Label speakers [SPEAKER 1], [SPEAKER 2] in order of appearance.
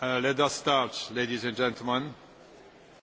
[SPEAKER 1] Uh, let us start, ladies and gentlemen.